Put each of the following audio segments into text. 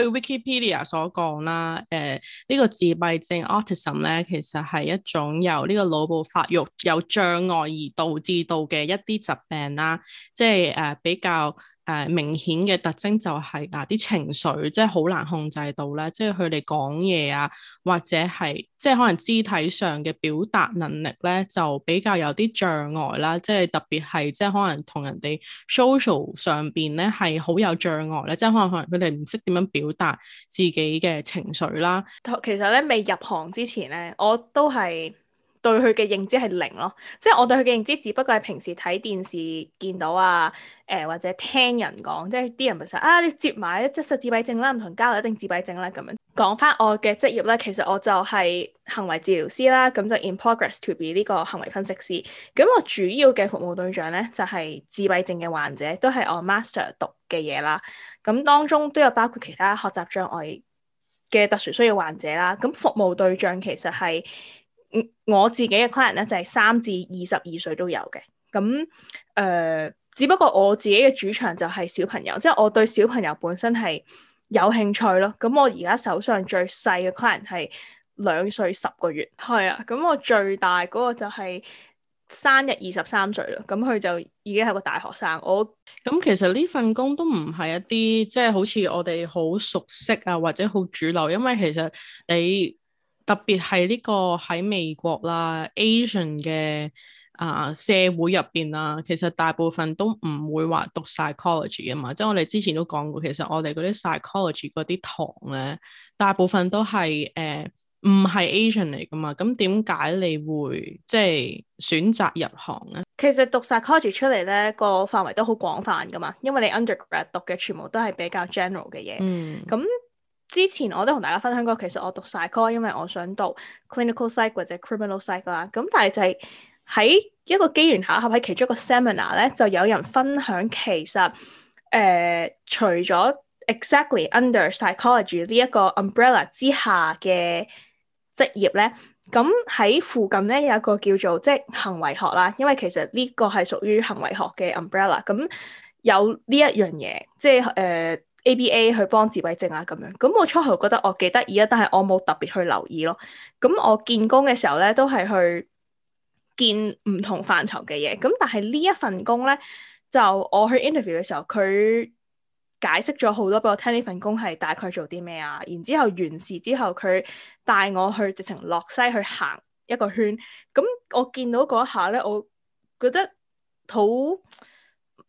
據 Wikipedia 所講啦，誒、呃、呢、呢個自閉症 （autism） 咧，其實係一種由呢個腦部發育有障礙而導致到嘅一啲疾病啦，即係誒、呃、比較。誒明顯嘅特徵就係嗱啲情緒，即係好難控制到啦。即係佢哋講嘢啊，或者係即係可能肢體上嘅表達能力咧，就比較有啲障礙啦。即係特別係即係可能同人哋 social 上邊咧係好有障礙咧，即係可能可能佢哋唔識點樣表達自己嘅情緒啦。其實咧，未入行之前咧，我都係。對佢嘅認知係零咯，即係我對佢嘅認知，只不過係平時睇電視見到啊，誒、呃、或者聽人講，即係啲人咪就係啊，你接埋一即係自閉症啦，唔同交流一定自閉症啦咁樣。講翻我嘅職業咧，其實我就係行為治療師啦，咁就 in progress to be 呢個行為分析師。咁我主要嘅服務對象咧就係、是、自閉症嘅患者，都係我 master 讀嘅嘢啦。咁當中都有包括其他學習障礙嘅特殊需要患者啦。咁服務對象其實係。我自己嘅 client 咧，就係三至二十二歲都有嘅，咁，誒、呃，只不過我自己嘅主場就係小朋友，即係我對小朋友本身係有興趣咯。咁我而家手上最細嘅 client 係兩歲十個月，係啊。咁我最大嗰個就係生日二十三歲啦，咁佢就已經係個大學生。我咁其實呢份工都唔係一啲即係好似我哋好熟悉啊，或者好主流，因為其實你。特別係呢個喺美國啦，Asian 嘅啊、呃、社會入邊啦，其實大部分都唔會話讀 psychology 啊嘛，即係我哋之前都講過，其實我哋嗰啲 psychology 嗰啲堂咧，大部分都係誒唔、呃、係 Asian 嚟噶嘛，咁點解你會即係選擇入行咧？其實讀 psychology 出嚟咧，個範圍都好廣泛噶嘛，因為你 undergrad 讀嘅全部都係比較 general 嘅嘢，咁、嗯。之前我都同大家分享過，其實我讀 psycho，因為我想讀 clinical psych 或者 criminal psycho 啦。咁但係就係喺一個機緣巧合喺其中一個 seminar 咧，就有人分享其實誒、呃、除咗 exactly under psychology 呢一個 umbrella 之下嘅職業咧，咁喺附近咧有一個叫做即行為學啦，因為其實呢個係屬於行為學嘅 umbrella。咁有呢一樣嘢，即係誒。呃 ABA 去幫自閉症啊咁樣，咁我初頭覺得我幾得意啊，但係我冇特別去留意咯。咁我見工嘅時候咧，都係去見唔同範疇嘅嘢。咁但係呢一份工咧，就我去 interview 嘅時候，佢解釋咗好多俾我聽呢份工係大概做啲咩啊。然之後完事之後，佢帶我去直情落西去行一個圈。咁我見到嗰一下咧，我覺得好。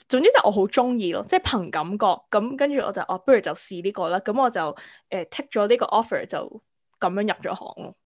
總之就我好中意咯，即係憑感覺咁，跟住我就哦、啊，不如就試呢個啦。咁我就誒、呃、take 咗呢個 offer，就咁樣入咗行咯。